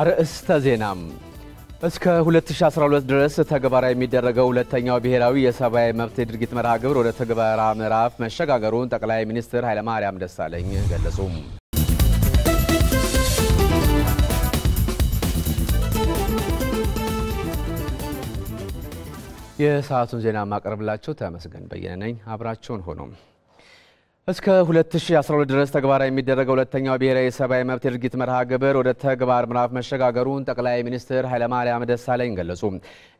አርእስተ ዜናም እስከ 2012 ድረስ ተግባራዊ የሚደረገው ሁለተኛው ብሔራዊ የሰብአዊ መብት የድርጊት መርሃ ግብር ወደ ተግባራ ምዕራፍ መሸጋገሩን ጠቅላይ ሚኒስትር ኃይለማርያም ደሳለኝ ገለጹ። የሰዓቱን ዜና ማቅረብላችሁ ተመስገን በየነ ነኝ። አብራችሁን ሆኖም እስከ 2012 ድረስ ተግባራዊ የሚደረገው ሁለተኛው ብሔራዊ የሰብአዊ መብት የድርጊት መርሃ ግብር ወደ ተግባር ምዕራፍ መሸጋገሩን ጠቅላይ ሚኒስትር ኃይለማርያም ደሳለኝ ገለጹ።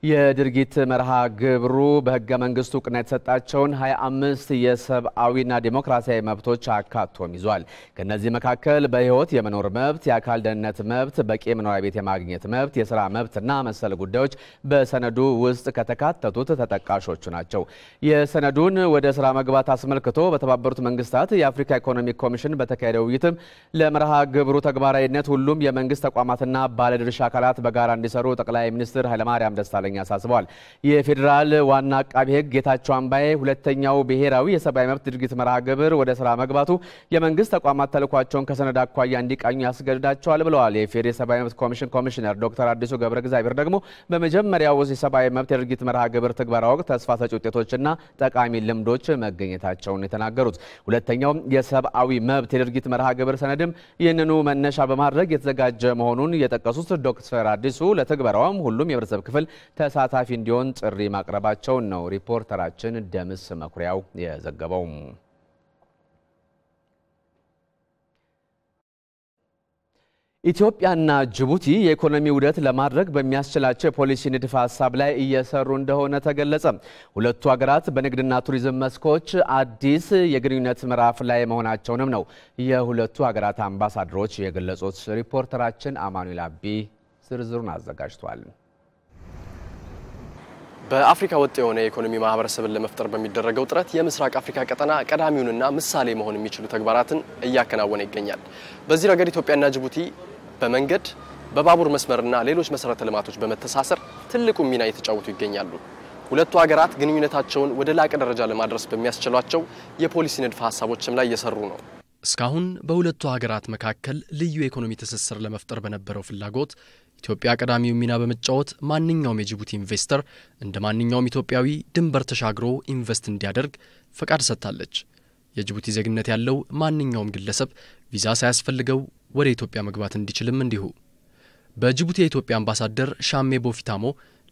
የድርጊት መርሃ ግብሩ በህገ መንግስቱ እውቅና የተሰጣቸውን 25 የሰብአዊና ዲሞክራሲያዊ መብቶች አካቶም ይዟል። ከእነዚህ መካከል በህይወት የመኖር መብት፣ የአካል ደህንነት መብት፣ በቂ መኖሪያ ቤት የማግኘት መብት፣ የስራ መብትና መሰል ጉዳዮች በሰነዱ ውስጥ ከተካተቱት ተጠቃሾቹ ናቸው። የሰነዱን ወደ ስራ መግባት አስመልክቶ በተባበሩት መንግስታት የአፍሪካ ኢኮኖሚክ ኮሚሽን በተካሄደ ውይይትም ለመርሃ ግብሩ ተግባራዊነት ሁሉም የመንግስት ተቋማትና ባለድርሻ አካላት በጋራ እንዲሰሩ ጠቅላይ ሚኒስትር ኃይለማርያም ደሳለኝ ጋዜጠኛ አሳስበዋል። የፌዴራል ዋና አቃቤ ሕግ ጌታቸው አምባዬ ሁለተኛው ብሔራዊ የሰብአዊ መብት ድርጊት መርሃ ግብር ወደ ስራ መግባቱ የመንግስት ተቋማት ተልኳቸውን ከሰነድ አኳያ እንዲቃኙ ያስገድዳቸዋል ብለዋል። የፌዴ የሰብአዊ መብት ኮሚሽን ኮሚሽነር ዶክተር አዲሱ ገብረ እግዚአብሔር ደግሞ በመጀመሪያው የሰብአዊ መብት የድርጊት መርሃ ግብር ትግበራ ወቅት ተስፋ ሰጪ ውጤቶችና ጠቃሚ ልምዶች መገኘታቸውን የተናገሩት ሁለተኛው የሰብአዊ መብት የድርጊት መርሃ ግብር ሰነድም ይህንኑ መነሻ በማድረግ የተዘጋጀ መሆኑን የጠቀሱት ዶክተር አዲሱ ለትግበራውም ሁሉም የህብረተሰብ ክፍል ተሳታፊ እንዲሆን ጥሪ ማቅረባቸውን ነው ሪፖርተራችን ደምስ መኩሪያው የዘገበው። ኢትዮጵያና ጅቡቲ የኢኮኖሚ ውህደት ለማድረግ በሚያስችላቸው የፖሊሲ ንድፈ ሀሳብ ላይ እየሰሩ እንደሆነ ተገለጸ። ሁለቱ ሀገራት በንግድና ቱሪዝም መስኮች አዲስ የግንኙነት ምዕራፍ ላይ መሆናቸውንም ነው የሁለቱ ሀገራት አምባሳደሮች የገለጹት። ሪፖርተራችን አማኑኤል አቢ ዝርዝሩን አዘጋጅቷል። በአፍሪካ ወጥ የሆነ የኢኮኖሚ ማህበረሰብን ለመፍጠር በሚደረገው ጥረት የምስራቅ አፍሪካ ቀጠና ቀዳሚውንና ምሳሌ መሆን የሚችሉ ተግባራትን እያከናወነ ይገኛል። በዚህ ረገድ ኢትዮጵያና ጅቡቲ በመንገድ በባቡር መስመርና ሌሎች መሰረተ ልማቶች በመተሳሰር ትልቁን ሚና እየተጫወቱ ይገኛሉ። ሁለቱ ሀገራት ግንኙነታቸውን ወደ ላቀ ደረጃ ለማድረስ በሚያስችሏቸው የፖሊሲ ንድፈ ሀሳቦችም ላይ እየሰሩ ነው። እስካሁን በሁለቱ ሀገራት መካከል ልዩ የኢኮኖሚ ትስስር ለመፍጠር በነበረው ፍላጎት ኢትዮጵያ ቀዳሚው ሚና በመጫወት ማንኛውም የጅቡቲ ኢንቨስተር እንደ ማንኛውም ኢትዮጵያዊ ድንበር ተሻግሮ ኢንቨስት እንዲያደርግ ፈቃድ ሰጥታለች። የጅቡቲ ዜግነት ያለው ማንኛውም ግለሰብ ቪዛ ሳያስፈልገው ወደ ኢትዮጵያ መግባት እንዲችልም እንዲሁ። በጅቡቲ የኢትዮጵያ አምባሳደር ሻሜ ቦፊታሞ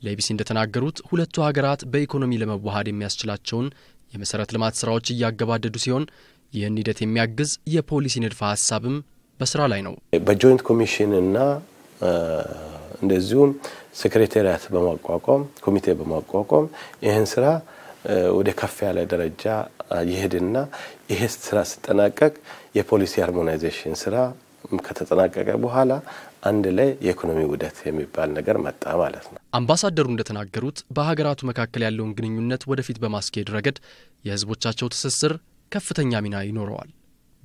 ለኢቢሲ እንደተናገሩት ሁለቱ ሀገራት በኢኮኖሚ ለመዋሃድ የሚያስችላቸውን የመሠረት ልማት ሥራዎች እያገባደዱ ሲሆን ይህን ሂደት የሚያግዝ የፖሊሲ ንድፈ ሀሳብም በስራ ላይ ነው። በጆይንት ኮሚሽን እና እንደዚሁም ሴክሬታሪያት በማቋቋም ኮሚቴ በማቋቋም ይህን ስራ ወደ ከፍ ያለ ደረጃ ይሄድና ይሄ ስራ ሲጠናቀቅ የፖሊሲ ሃርሞናይዜሽን ስራ ከተጠናቀቀ በኋላ አንድ ላይ የኢኮኖሚ ውህደት የሚባል ነገር መጣ ማለት ነው። አምባሳደሩ እንደተናገሩት በሀገራቱ መካከል ያለውን ግንኙነት ወደፊት በማስኬድ ረገድ የህዝቦቻቸው ትስስር ከፍተኛ ሚና ይኖረዋል።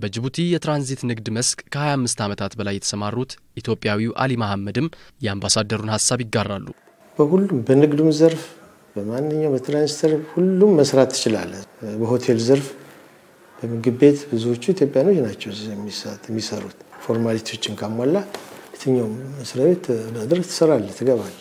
በጅቡቲ የትራንዚት ንግድ መስክ ከ25 ዓመታት በላይ የተሰማሩት ኢትዮጵያዊው አሊ መሐመድም የአምባሳደሩን ሀሳብ ይጋራሉ። በሁሉም በንግዱም ዘርፍ በማንኛውም በትራንዚት ዘርፍ ሁሉም መስራት ትችላለ። በሆቴል ዘርፍ፣ በምግብ ቤት ብዙዎቹ ኢትዮጵያኖች ናቸው የሚሰሩት። ፎርማሊቲዎችን ካሟላ የትኛውም መስሪያ ቤት መድረክ ትሰራለ፣ ትገባለ።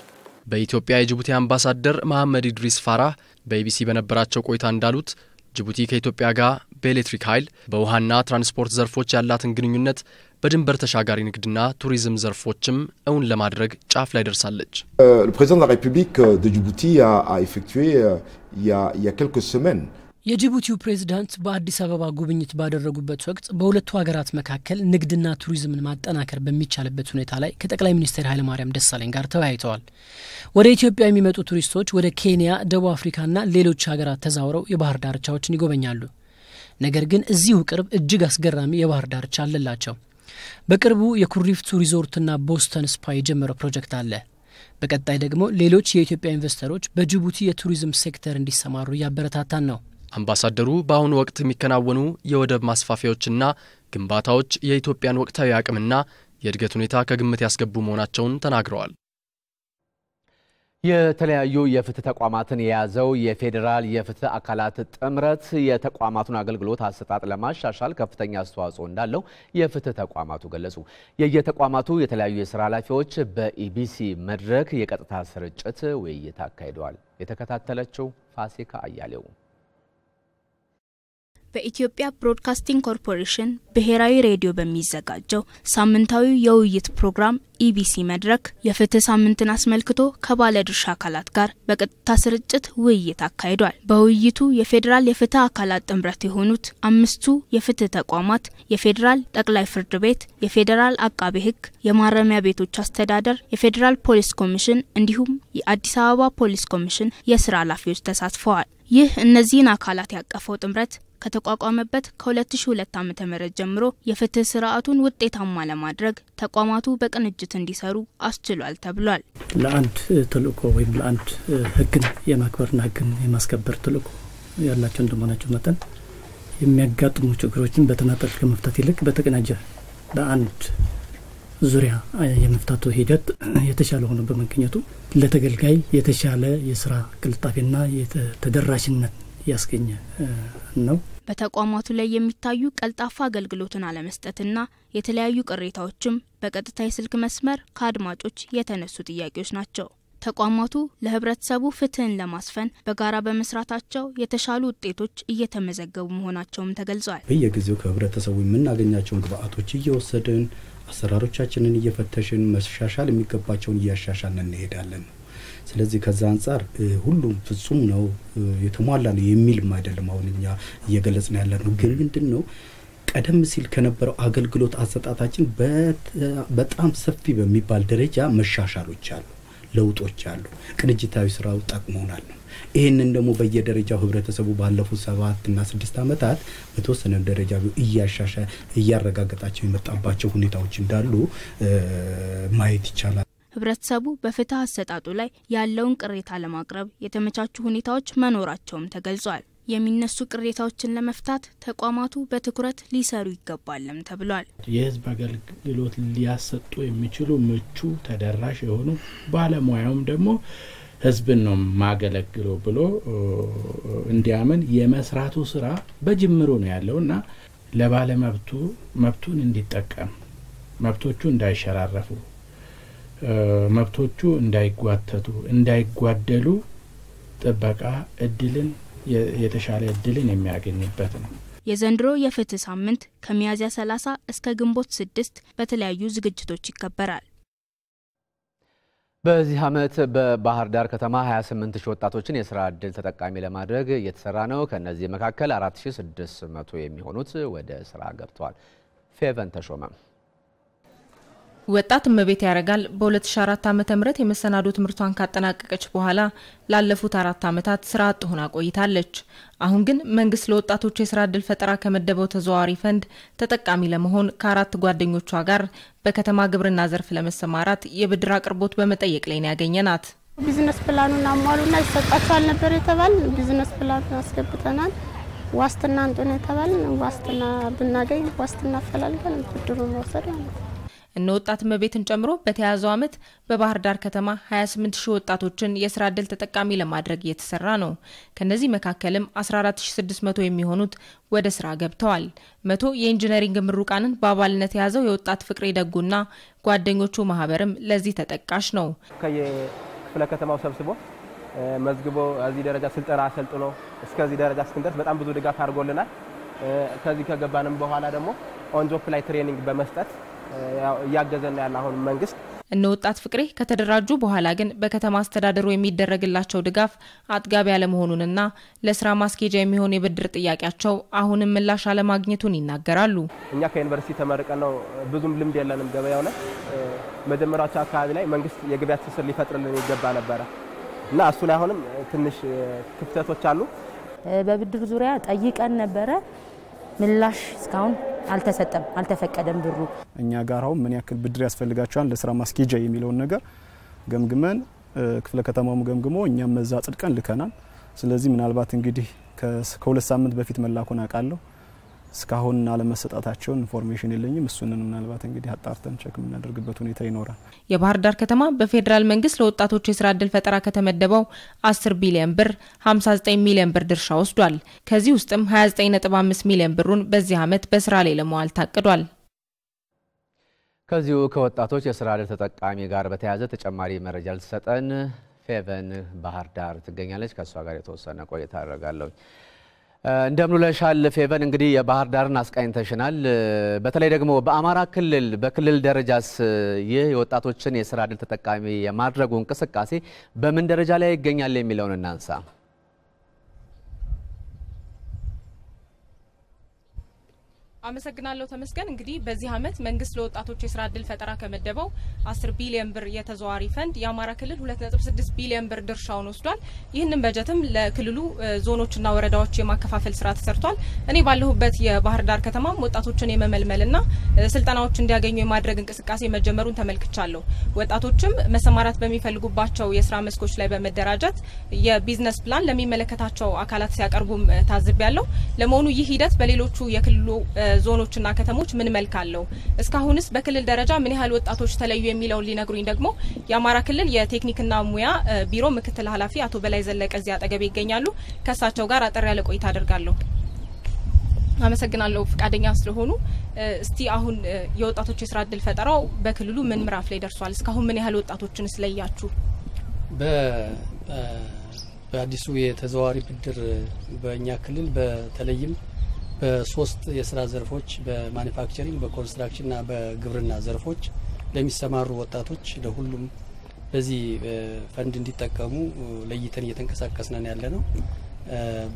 በኢትዮጵያ የጅቡቲ አምባሳደር መሐመድ ኢድሪስ ፋራ በኢቢሲ በነበራቸው ቆይታ እንዳሉት ጅቡቲ ከኢትዮጵያ ጋር በኤሌክትሪክ ኃይል፣ በውሃና ትራንስፖርት ዘርፎች ያላትን ግንኙነት በድንበር ተሻጋሪ ንግድና ቱሪዝም ዘርፎችም እውን ለማድረግ ጫፍ ላይ ደርሳለች። euh, euh, euh, የጅቡቲው ፕሬዚዳንት በአዲስ አበባ ጉብኝት ባደረጉበት ወቅት በሁለቱ ሀገራት መካከል ንግድና ቱሪዝምን ማጠናከር በሚቻልበት ሁኔታ ላይ ከጠቅላይ ሚኒስትር ኃይለማርያም ደሳለኝ ጋር ተወያይተዋል። ወደ ኢትዮጵያ የሚመጡ ቱሪስቶች ወደ ኬንያ፣ ደቡብ አፍሪካና ሌሎች ሀገራት ተዛውረው የባህር ዳርቻዎችን ይጎበኛሉ። ነገር ግን እዚሁ ቅርብ እጅግ አስገራሚ የባህር ዳርቻ አለላቸው። በቅርቡ የኩሪፍቱ ሪዞርትና ቦስተን ስፓ የጀመረው ፕሮጀክት አለ። በቀጣይ ደግሞ ሌሎች የኢትዮጵያ ኢንቨስተሮች በጅቡቲ የቱሪዝም ሴክተር እንዲሰማሩ እያበረታታን ነው። አምባሳደሩ በአሁኑ ወቅት የሚከናወኑ የወደብ ማስፋፊያዎችና ግንባታዎች የኢትዮጵያን ወቅታዊ አቅምና የእድገት ሁኔታ ከግምት ያስገቡ መሆናቸውን ተናግረዋል። የተለያዩ የፍትህ ተቋማትን የያዘው የፌዴራል የፍትህ አካላት ጥምረት የተቋማቱን አገልግሎት አሰጣጥ ለማሻሻል ከፍተኛ አስተዋጽኦ እንዳለው የፍትህ ተቋማቱ ገለጹ። የየተቋማቱ የተለያዩ የስራ ኃላፊዎች በኢቢሲ መድረክ የቀጥታ ስርጭት ውይይት አካሂደዋል። የተከታተለችው ፋሲካ አያሌው በኢትዮጵያ ብሮድካስቲንግ ኮርፖሬሽን ብሔራዊ ሬዲዮ በሚዘጋጀው ሳምንታዊ የውይይት ፕሮግራም ኢቢሲ e መድረክ የፍትህ ሳምንትን አስመልክቶ ከባለድርሻ አካላት ጋር በቀጥታ ስርጭት ውይይት አካሂዷል። በውይይቱ የፌዴራል የፍትህ አካላት ጥምረት የሆኑት አምስቱ የፍትህ ተቋማት የፌዴራል ጠቅላይ ፍርድ ቤት፣ የፌዴራል አቃቤ ህግ፣ የማረሚያ ቤቶች አስተዳደር፣ የፌዴራል ፖሊስ ኮሚሽን እንዲሁም የአዲስ አበባ ፖሊስ ኮሚሽን የስራ ኃላፊዎች ተሳትፈዋል። ይህ እነዚህን አካላት ያቀፈው ጥምረት ከተቋቋመበት ከ2002 ም ጀምሮ የፍትህ ስርዓቱን ውጤታማ ለማድረግ ተቋማቱ በቅንጅት እንዲሰሩ አስችሏል ተብሏል። ለአንድ ተልእኮ ወይም ለአንድ ህግን የማክበርና ህግን የማስከበር ተልእኮ ያላቸው እንደመሆናቸው መጠን የሚያጋጥሙ ችግሮችን በተናጠል ከመፍታት ይልቅ በተቀናጀ በአንድ ዙሪያ የመፍታቱ ሂደት የተሻለ ሆኖ በመገኘቱ ለተገልጋይ የተሻለ የስራ ቅልጣፌና ተደራሽነት ያስገኘ ነው። በተቋማቱ ላይ የሚታዩ ቀልጣፋ አገልግሎትን አለመስጠትና የተለያዩ ቅሬታዎችም በቀጥታ የስልክ መስመር ከአድማጮች የተነሱ ጥያቄዎች ናቸው። ተቋማቱ ለህብረተሰቡ ፍትህን ለማስፈን በጋራ በመስራታቸው የተሻሉ ውጤቶች እየተመዘገቡ መሆናቸውም ተገልጿል። በየጊዜው ከህብረተሰቡ የምናገኛቸውን ግብአቶች እየወሰድን አሰራሮቻችንን እየፈተሽን መሻሻል የሚገባቸውን እያሻሻልን እንሄዳለን። ስለዚህ ከዛ አንጻር ሁሉም ፍጹም ነው የተሟላ ነው የሚልም አይደለም። አሁን እኛ እየገለጽን ያለ ነው። ግን ምንድን ነው ቀደም ሲል ከነበረው አገልግሎት አሰጣታችን በጣም ሰፊ በሚባል ደረጃ መሻሻሎች አሉ፣ ለውጦች አሉ። ቅንጅታዊ ስራው ጠቅሞናል። ይህንን ደግሞ በየደረጃው ህብረተሰቡ ባለፉት ሰባት እና ስድስት ዓመታት በተወሰነ ደረጃ እያሻሻ እያረጋገጣቸው የመጣባቸው ሁኔታዎች እንዳሉ ማየት ይቻላል። ህብረተሰቡ በፍትህ አሰጣጡ ላይ ያለውን ቅሬታ ለማቅረብ የተመቻቹ ሁኔታዎች መኖራቸውም ተገልጿል። የሚነሱ ቅሬታዎችን ለመፍታት ተቋማቱ በትኩረት ሊሰሩ ይገባልም ተብሏል። የህዝብ አገልግሎት ሊያሰጡ የሚችሉ ምቹ፣ ተደራሽ የሆኑ ባለሙያውም ደግሞ ህዝብን ነው ማገለግለው ብሎ እንዲያምን የመስራቱ ስራ በጅምሩ ነው ያለው እና ለባለመብቱ መብቱን እንዲጠቀም መብቶቹ እንዳይሸራረፉ መብቶቹ እንዳይጓተቱ እንዳይጓደሉ ጥበቃ እድልን የተሻለ እድልን የሚያገኝበት ነው። የዘንድሮ የፍትህ ሳምንት ከሚያዝያ 30 እስከ ግንቦት ስድስት በተለያዩ ዝግጅቶች ይከበራል። በዚህ ዓመት በባህር ዳር ከተማ 28 ሺህ ወጣቶችን የስራ እድል ተጠቃሚ ለማድረግ እየተሰራ ነው። ከእነዚህ መካከል 4600 የሚሆኑት ወደ ስራ ገብተዋል። ፌቨን ተሾመም። ወጣት እመቤት ያረጋል በ2004 ዓ ም የመሰናዶ ትምህርቷን ካጠናቀቀች በኋላ ላለፉት አራት ዓመታት ስራ አጥ ሆና ቆይታለች። አሁን ግን መንግስት ለወጣቶች የስራ እድል ፈጠራ ከመደበው ተዘዋዋሪ ፈንድ ተጠቃሚ ለመሆን ከአራት ጓደኞቿ ጋር በከተማ ግብርና ዘርፍ ለመሰማራት የብድር አቅርቦት በመጠየቅ ላይ ነው ያገኘናት። ቢዝነስ ፕላኑን አሟሉና ይሰጣቸዋል ነበር የተባል። ቢዝነስ ፕላኑን አስገብተናል። ዋስትና እንጡን የተባል ዋስትና ብናገኝ ዋስትና ፈላልገን ብድሩን መውሰድ ማለት ነው እነ ወጣት መቤትን ጨምሮ በተያዘው ዓመት በባህር ዳር ከተማ 28 ሺህ ወጣቶችን የስራ እድል ተጠቃሚ ለማድረግ እየተሰራ ነው። ከነዚህ መካከልም 14600 የሚሆኑት ወደ ስራ ገብተዋል። መቶ የኢንጂነሪንግ ምሩቃንን በአባልነት የያዘው የወጣት ፍቅሬ ደጉና ጓደኞቹ ማህበርም ለዚህ ተጠቃሽ ነው። ከየክፍለ ከተማው ሰብስቦ መዝግቦ እዚህ ደረጃ ስልጠና አሰልጥኖ እስከዚህ ደረጃ እስክንደርስ በጣም ብዙ ድጋፍ አድርጎልናል። ከዚህ ከገባንም በኋላ ደግሞ ኦንጆፕ ላይ ትሬኒንግ በመስጠት እያገዘና ያለ አሁን መንግስት እነ ወጣት ፍቅሬ ከተደራጁ በኋላ ግን በከተማ አስተዳደሩ የሚደረግላቸው ድጋፍ አጥጋቢ ያለመሆኑንና ለስራ ማስኬጃ የሚሆን የብድር ጥያቄያቸው አሁንም ምላሽ አለማግኘቱን ይናገራሉ። እኛ ከዩኒቨርሲቲ ተመርቀን ነው ብዙም ልምድ የለንም። ገበያው ላይ መጀመሪያዎቹ አካባቢ ላይ መንግስት የገበያ ትስስር ሊፈጥርልን ይገባ ነበረ እና እሱ ላይ አሁንም ትንሽ ክፍተቶች አሉ። በብድር ዙሪያ ጠይቀን ነበረ ምላሽ እስካሁን አልተሰጠም፣ አልተፈቀደም ብሩ። እኛ ጋር አሁን ምን ያክል ብድር ያስፈልጋቸዋል ለስራ ማስኬጃ የሚለውን ነገር ገምግመን ክፍለ ከተማውም ገምግሞ እኛም መዛ ጽድቀን ልከናል። ስለዚህ ምናልባት እንግዲህ ከሁለት ሳምንት በፊት መላኩን አውቃለሁ። እስካሁን አለመሰጣታቸውን ኢንፎርሜሽን የለኝም። እሱንን ምናልባት እንግዲህ አጣርተን ቸክ የምናደርግበት ሁኔታ ይኖራል። የባህር ዳር ከተማ በፌዴራል መንግስት ለወጣቶች የስራ እድል ፈጠራ ከተመደበው 10 ቢሊዮን ብር 59 ሚሊዮን ብር ድርሻ ወስዷል። ከዚህ ውስጥም 29.5 ሚሊዮን ብሩን በዚህ ዓመት በስራ ላይ ለመዋል ታቅዷል። ከዚሁ ከወጣቶች የስራ እድል ተጠቃሚ ጋር በተያያዘ ተጨማሪ መረጃ ልትሰጠን ፌቨን ባህር ዳር ትገኛለች። ከእሷ ጋር የተወሰነ ቆይታ አደርጋለሁ። ለሻል ፌቨን፣ እንግዲህ የባህር ዳርን አስቃኝተሽናል። በተለይ ደግሞ በአማራ ክልል በክልል ደረጃስ ይህ የወጣቶችን የስራ ድል ተጠቃሚ የማድረጉ እንቅስቃሴ በምን ደረጃ ላይ ይገኛል የሚለውን እናንሳ። አመሰግናለሁ ተመስገን። እንግዲህ በዚህ ዓመት መንግስት ለወጣቶች የስራ እድል ፈጠራ ከመደበው 10 ቢሊዮን ብር የተዘዋዋሪ ፈንድ የአማራ ክልል 2.6 ቢሊዮን ብር ድርሻውን ወስዷል። ይህንን በጀትም ለክልሉ ዞኖችና ወረዳዎች የማከፋፈል ስራ ተሰርቷል። እኔ ባለሁበት የባህር ዳር ከተማም ወጣቶችን የመመልመልና ስልጠናዎች እንዲያገኙ የማድረግ እንቅስቃሴ መጀመሩን ተመልክቻለሁ። ወጣቶችም መሰማራት በሚፈልጉባቸው የስራ መስኮች ላይ በመደራጀት የቢዝነስ ፕላን ለሚመለከታቸው አካላት ሲያቀርቡም ታዝቢያለሁ። ለመሆኑ ይህ ሂደት በሌሎቹ የክልሉ ዞኖችና ከተሞች ምን መልክ አለው? እስካሁንስ በክልል ደረጃ ምን ያህል ወጣቶች ተለዩ? የሚለውን ሊነግሩኝ ደግሞ የአማራ ክልል የቴክኒክና ሙያ ቢሮ ምክትል ኃላፊ አቶ በላይ ዘለቀ እዚህ አጠገብ ይገኛሉ። ከእሳቸው ጋር አጠር ያለ ቆይታ አደርጋለሁ። አመሰግናለሁ ፈቃደኛ ስለሆኑ። እስቲ አሁን የወጣቶች የስራ እድል ፈጠራው በክልሉ ምን ምዕራፍ ላይ ደርሷል? እስካሁን ምን ያህል ወጣቶችን ስለያችሁ? በአዲሱ የተዘዋዋሪ ብድር በእኛ ክልል በተለይም በሶስት የስራ ዘርፎች በማኒፋክቸሪንግ፣ ና በግብርና ዘርፎች ለሚሰማሩ ወጣቶች ለሁሉም በዚህ ፈንድ እንዲጠቀሙ ለይተን እየተንቀሳቀስነን ያለ ነው።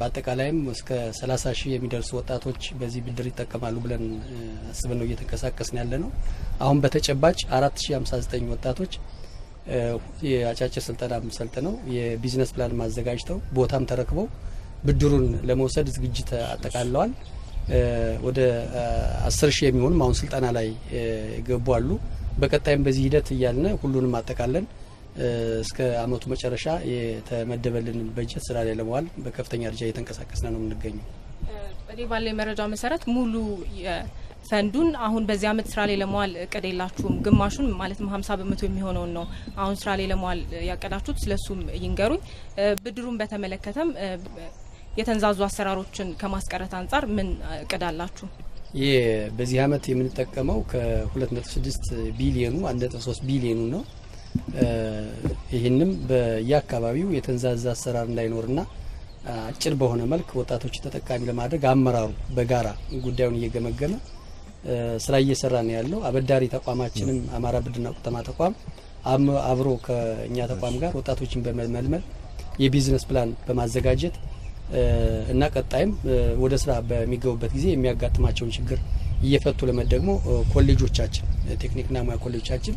በአጠቃላይም እስከ 30 ሺህ የሚደርሱ ወጣቶች በዚህ ብድር ይጠቀማሉ ብለን አስበን ነው እየተንቀሳቀስን ያለ ነው። አሁን በተጨባጭ 4059 ወጣቶች የአጫጭር ስልጠናም ሰልጥነው የቢዝነስ ፕላን ማዘጋጅተው ቦታም ተረክበው ብድሩን ለመውሰድ ዝግጅት አጠቃለዋል። ወደ አስር ሺህ የሚሆኑም አሁን ስልጠና ላይ ገቡ አሉ። በቀጣይም በዚህ ሂደት እያልን ሁሉንም አጠቃለን እስከ አመቱ መጨረሻ የተመደበልን በጀት ስራ ላይ ለመዋል በከፍተኛ ደረጃ እየተንቀሳቀስን ነው የምንገኘው። እኔ ባለ የመረጃ መሰረት ሙሉ ፈንዱን አሁን በዚህ አመት ስራ ላይ ለመዋል እቅድ የላችሁም? ግማሹን ማለትም ሀምሳ በመቶ የሚሆነውን ነው አሁን ስራ ላይ ለመዋል ያቀዳችሁት? ስለሱም ይንገሩኝ። ብድሩን በተመለከተም የተንዛዙ አሰራሮችን ከማስቀረት አንጻር ምን እቅድ አላችሁ? ይህ በዚህ አመት የምንጠቀመው ከ2.6 ቢሊዮኑ 1.3 ቢሊዮኑ ነው። ይህንም በየአካባቢው የተንዛዛ አሰራር እንዳይኖርና አጭር በሆነ መልክ ወጣቶች ተጠቃሚ ለማድረግ አመራሩ በጋራ ጉዳዩን እየገመገመ ስራ እየሰራ ነው ያለው። አበዳሪ ተቋማችንም አማራ ብድርና ቁጠባ ተቋም አብሮ ከእኛ ተቋም ጋር ወጣቶችን በመመልመል የቢዝነስ ፕላን በማዘጋጀት እና ቀጣይም ወደ ስራ በሚገቡበት ጊዜ የሚያጋጥማቸውን ችግር እየፈቱ ለመድ ደግሞ ኮሌጆቻችን ቴክኒክና ሙያ ኮሌጆቻችን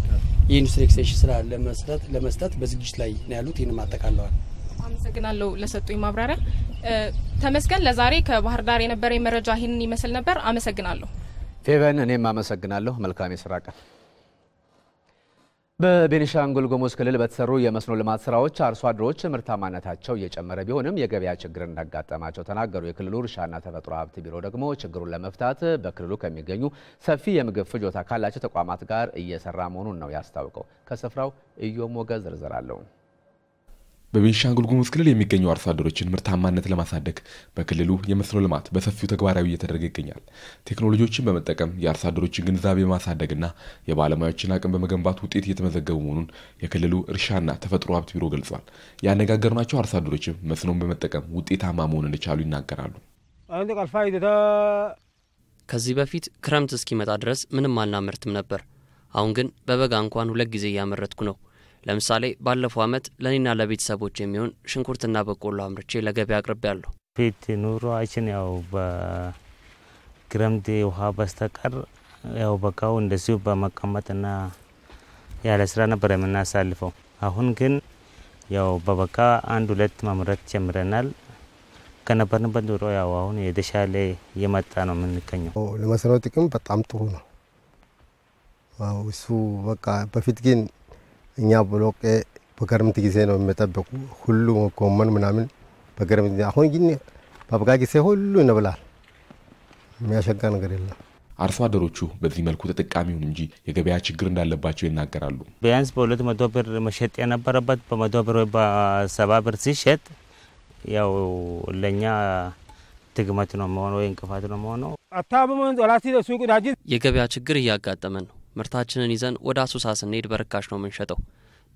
የኢንዱስትሪ ኤክስቴንሽን ስራ ለመስጠት ለመስጠት በዝግጅት ላይ ነው ያሉት። ይህንም አጠቃለዋል። አመሰግናለሁ ለሰጡኝ ማብራሪያ። ተመስገን፣ ለዛሬ ከባህር ዳር የነበረ መረጃ ይህንን ይመስል ነበር። አመሰግናለሁ ፌቨን። እኔም አመሰግናለሁ። መልካም የስራ ቀን በቤኒሻንጉል ጉሙዝ ክልል በተሰሩ የመስኖ ልማት ስራዎች አርሶ አደሮች ምርታማነታቸው እየጨመረ ቢሆንም የገበያ ችግር እንዳጋጠማቸው ተናገሩ። የክልሉ እርሻና ተፈጥሮ ሀብት ቢሮ ደግሞ ችግሩን ለመፍታት በክልሉ ከሚገኙ ሰፊ የምግብ ፍጆታ ካላቸው ተቋማት ጋር እየሰራ መሆኑን ነው ያስታውቀው። ከስፍራው እዮ ሞገ ዝርዝር አለው። በቤንሻንጉል ጉሙዝ ክልል የሚገኙ አርሶ አደሮችን ምርታማነት ለማሳደግ በክልሉ የመስኖ ልማት በሰፊው ተግባራዊ እየተደረገ ይገኛል። ቴክኖሎጂዎችን በመጠቀም የአርሶ አደሮችን ግንዛቤ ማሳደግና የባለሙያዎችን አቅም በመገንባት ውጤት እየተመዘገቡ መሆኑን የክልሉ እርሻና ተፈጥሮ ሀብት ቢሮ ገልጿል። ያነጋገርናቸው አርሶ አደሮችም መስኖን በመጠቀም ውጤታማ መሆን እንደቻሉ ይናገራሉ። ከዚህ በፊት ክረምት እስኪመጣ ድረስ ምንም አልናመርትም ነበር። አሁን ግን በበጋ እንኳን ሁለት ጊዜ እያመረትኩ ነው። ለምሳሌ ባለፈው አመት ለእኔና ለቤተሰቦች የሚሆን ሽንኩርትና በቆሎ አምርቼ ለገበያ አቅርቤያለሁ። ፊት ኑሯችን ያው በክረምት ውሃ በስተቀር ያው በቃው እንደዚሁ በመቀመጥና ያለ ስራ ነበር የምናሳልፈው። አሁን ግን ያው በበጋ አንድ ሁለት ማምረት ጀምረናል። ከነበርንበት ኑሮ ያው አሁን የተሻለ እየመጣ ነው የምንገኘው። ለመሰረው ጥቅም በጣም ጥሩ ነው እሱ በቃ በፊት ግን እኛ ቦሎቄ በክረምት ጊዜ ነው የሚጠብቁ ሁሉ ጎመን ምናምን በክረምት ጊዜ። አሁን ግን በበጋ ጊዜ ሁሉ እንብላል። የሚያሸጋ ነገር የለም። አርሶ አደሮቹ በዚህ መልኩ ተጠቃሚውን እንጂ የገበያ ችግር እንዳለባቸው ይናገራሉ። ቢያንስ በሁለት መቶ ብር መሸጥ የነበረበት በመቶ ብር ወይ በሰባ ብር ሲሸጥ ያው ለእኛ ትግመት ነው መሆነ ወይ እንቅፋት ነው መሆነው። የገበያ ችግር እያጋጠመ ነው። ምርታችንን ይዘን ወደ አሶሳ ስንሄድ በርካሽ ነው የምንሸጠው።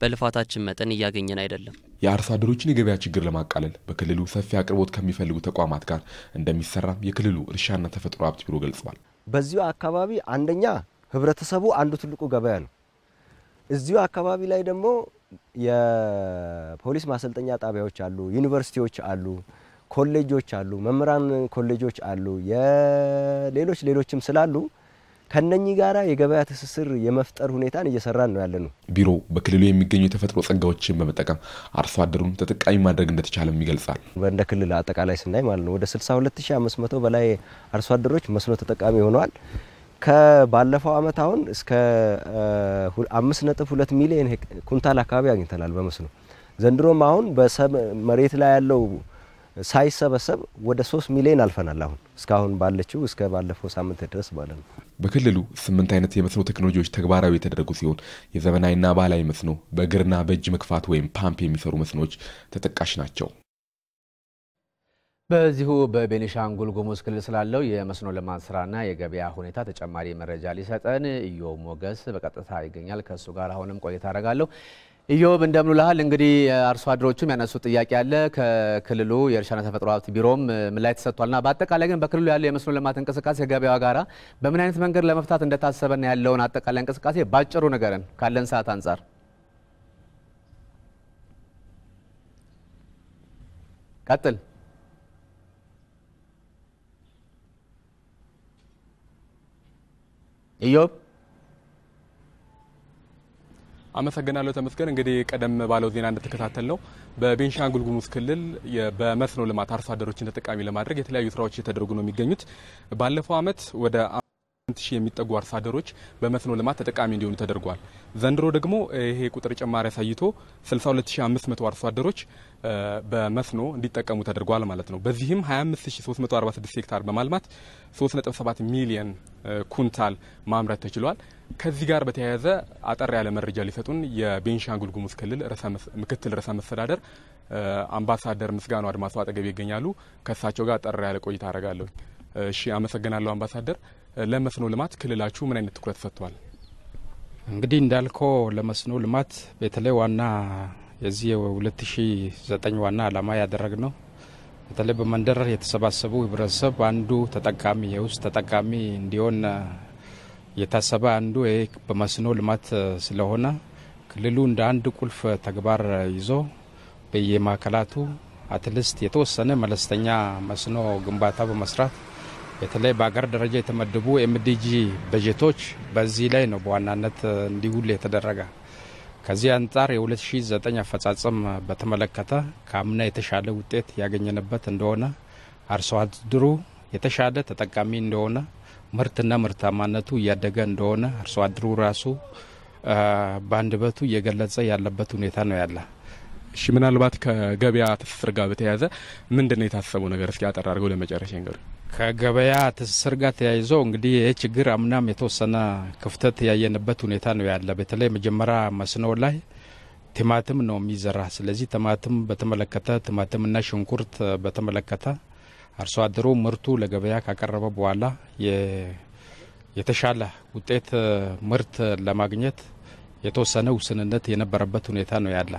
በልፋታችን መጠን እያገኘን አይደለም። የአርሶ አደሮችን የገበያ ችግር ለማቃለል በክልሉ ሰፊ አቅርቦት ከሚፈልጉ ተቋማት ጋር እንደሚሰራም የክልሉ እርሻና ተፈጥሮ ሀብት ቢሮ ገልጸዋል። በዚሁ አካባቢ አንደኛ ህብረተሰቡ አንዱ ትልቁ ገበያ ነው። እዚሁ አካባቢ ላይ ደግሞ የፖሊስ ማሰልጠኛ ጣቢያዎች አሉ፣ ዩኒቨርሲቲዎች አሉ፣ ኮሌጆች አሉ፣ መምህራን ኮሌጆች አሉ፣ የሌሎች ሌሎችም ስላሉ ከነኚህ ጋራ የገበያ ትስስር የመፍጠር ሁኔታን እየሰራን ነው ያለ ነው። ቢሮ በክልሉ የሚገኙ የተፈጥሮ ጸጋዎችን በመጠቀም አርሶ አደሩን ተጠቃሚ ማድረግ እንደተቻለም ይገልጻል። እንደ ክልል አጠቃላይ ስናይ ማለት ነው ወደ 62500 በላይ አርሶ አደሮች መስኖ ተጠቃሚ ሆነዋል። ከባለፈው አመት አሁን እስከ 5.2 ሚሊዮን ኩንታል አካባቢ አግኝተናል በመስኖ ዘንድሮም አሁን መሬት ላይ ያለው ሳይሰበሰብ ወደ 3 ሚሊዮን አልፈናል አሁን እስካሁን ባለችው እስከ ባለፈው ሳምንት ድረስ ማለት ነው። በክልሉ ስምንት አይነት የመስኖ ቴክኖሎጂዎች ተግባራዊ የተደረጉ ሲሆን የዘመናዊና ባህላዊ መስኖ በእግርና በእጅ መክፋት ወይም ፓምፕ የሚሰሩ መስኖዎች ተጠቃሽ ናቸው። በዚሁ በቤኒሻንጉል ጉሙዝ ክልል ስላለው የመስኖ ልማት ስራና የገበያ ሁኔታ ተጨማሪ መረጃ ሊሰጠን እዮ ሞገስ በቀጥታ ይገኛል። ከእሱ ጋር አሁንም ቆይታ አደርጋለሁ። ኢዮብ እንደምንልሃል እንግዲህ አርሶ አደሮቹም ያነሱ ጥያቄ አለ። ከክልሉ የእርሻና ተፈጥሮ ሀብት ቢሮም ምላሽ ተሰጥቷልና በአጠቃላይ ግን በክልሉ ያለው የመስኖ ልማት እንቅስቃሴ ከገበያዋ ጋራ በምን አይነት መንገድ ለመፍታት እንደታሰበና ያለውን አጠቃላይ እንቅስቃሴ ባጭሩ ንገረን ካለን ሰዓት አንጻር። ቀጥል። ኢዮብ አመሰግናለሁ ተመስገን። እንግዲህ ቀደም ባለው ዜና እንደተከታተል ነው በቤንሻንጉል ጉሙዝ ክልል በመስኖ ልማት አርሶ አደሮችን ተጠቃሚ ለማድረግ የተለያዩ ስራዎች እየተደረጉ ነው የሚገኙት። ባለፈው አመት ወደ ስምንት ሺህ የሚጠጉ አርሶ አደሮች በመስኖ ልማት ተጠቃሚ እንዲሆኑ ተደርጓል። ዘንድሮ ደግሞ ይሄ ቁጥር ጭማሪ አሳይቶ 62500 አርሶ አደሮች በመስኖ እንዲጠቀሙ ተደርጓል ማለት ነው። በዚህም 25346 ሄክታር በማልማት 37 ሚሊየን ኩንታል ማምረት ተችሏል። ከዚህ ጋር በተያያዘ አጠር ያለ መረጃ ሊሰጡን የቤንሻንጉል ጉሙዝ ክልል ምክትል ርዕሰ መስተዳደር አምባሳደር ምስጋናው አድማሱ አጠገብ ይገኛሉ። ከእሳቸው ጋር አጠር ያለ ቆይታ አረጋለሁ። እሺ፣ አመሰግናለሁ አምባሳደር። ለመስኖ ልማት ክልላችሁ ምን አይነት ትኩረት ሰጥቷል? እንግዲህ እንዳልከው ለመስኖ ልማት በተለይ ዋና የዚህ የ2009 ዋና ዓላማ ያደረግ ነው። በተለይ በመንደር የተሰባሰቡ ህብረተሰብ አንዱ ተጠቃሚ የውስጥ ተጠቃሚ እንዲሆን የታሰበ አንዱ በመስኖ ልማት ስለሆነ ክልሉ እንደ አንድ ቁልፍ ተግባር ይዞ በየማዕከላቱ አትልስት የተወሰነ መለስተኛ መስኖ ግንባታ በመስራት በተለይ በአገር ደረጃ የተመደቡ ኤምዲጂ በጀቶች በዚህ ላይ ነው በዋናነት እንዲውል የተደረገ። ከዚህ አንጻር የ2009 አፈጻጸም በተመለከተ ከአምና የተሻለ ውጤት ያገኘንበት እንደሆነ አርሶ አደሩ የተሻለ ተጠቃሚ እንደሆነ ምርትና ምርታማነቱ እያደገ እንደሆነ አርሶ አደሩ ራሱ በአንድ በቱ እየገለጸ ያለበት ሁኔታ ነው ያለ። እሺ ምናልባት ከገበያ ትስስር ጋር በተያያዘ ምንድን ነው የታሰበው ነገር? እስኪ አጠር ለመጨረሻ ይንገሩ። ከገበያ ትስስር ጋር ተያይዞ እንግዲህ ይህ ችግር አምናም የተወሰነ ክፍተት ያየንበት ሁኔታ ነው ያለ። በተለይ መጀመሪያ መስኖ ላይ ቲማቲም ነው የሚዘራ። ስለዚህ ቲማቲም በተመለከተ ቲማቲምና ሽንኩርት በተመለከተ አርሶ አደሩ ምርቱ ለገበያ ካቀረበ በኋላ የተሻለ ውጤት ምርት ለማግኘት የተወሰነ ውስንነት የነበረበት ሁኔታ ነው ያለ።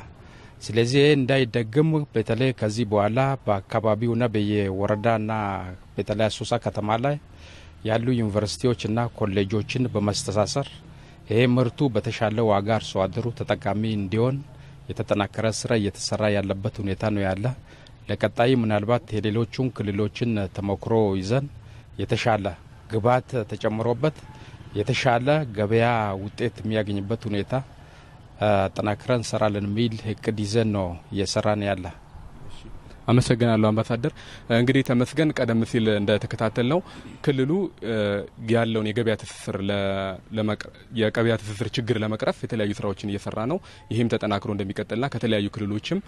ስለዚህ እንዳይደግም በተለይ ከዚህ በኋላ በአካባቢውና በየወረዳና በተለይ አሶሳ ከተማ ላይ ያሉ ዩኒቨርሲቲዎችና ኮሌጆችን በመስተሳሰር ይሄ ምርቱ በተሻለ ዋጋ አርሶ አደሩ ተጠቃሚ እንዲሆን የተጠናከረ ስራ እየተሰራ ያለበት ሁኔታ ነው ያለ። ለቀጣይ ምናልባት የሌሎቹን ክልሎችን ተሞክሮ ይዘን የተሻለ ግብዓት ተጨምሮበት የተሻለ ገበያ ውጤት የሚያገኝበት ሁኔታ አጠናክረን እንሰራለን የሚል እቅድ ይዘን ነው እየሰራን ያለ። አመሰግናለሁ አምባሳደር። እንግዲህ ተመስገን ቀደም ሲል እንደተከታተል ነው ክልሉ ያለውን የገበያ ትስስር የገበያ ትስስር ችግር ለመቅረፍ የተለያዩ ስራዎችን እየሰራ ነው። ይህም ተጠናክሮ እንደሚቀጥልና ከተለያዩ ክልሎችም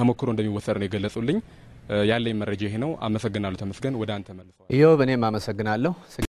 ተሞክሮ እንደሚወሰድ ነው የገለጹልኝ። ያለኝ መረጃ ይሄ ነው። አመሰግናለሁ ተመስገን። ወደ አንተ መልሰዋል። እዮ እኔም አመሰግናለሁ።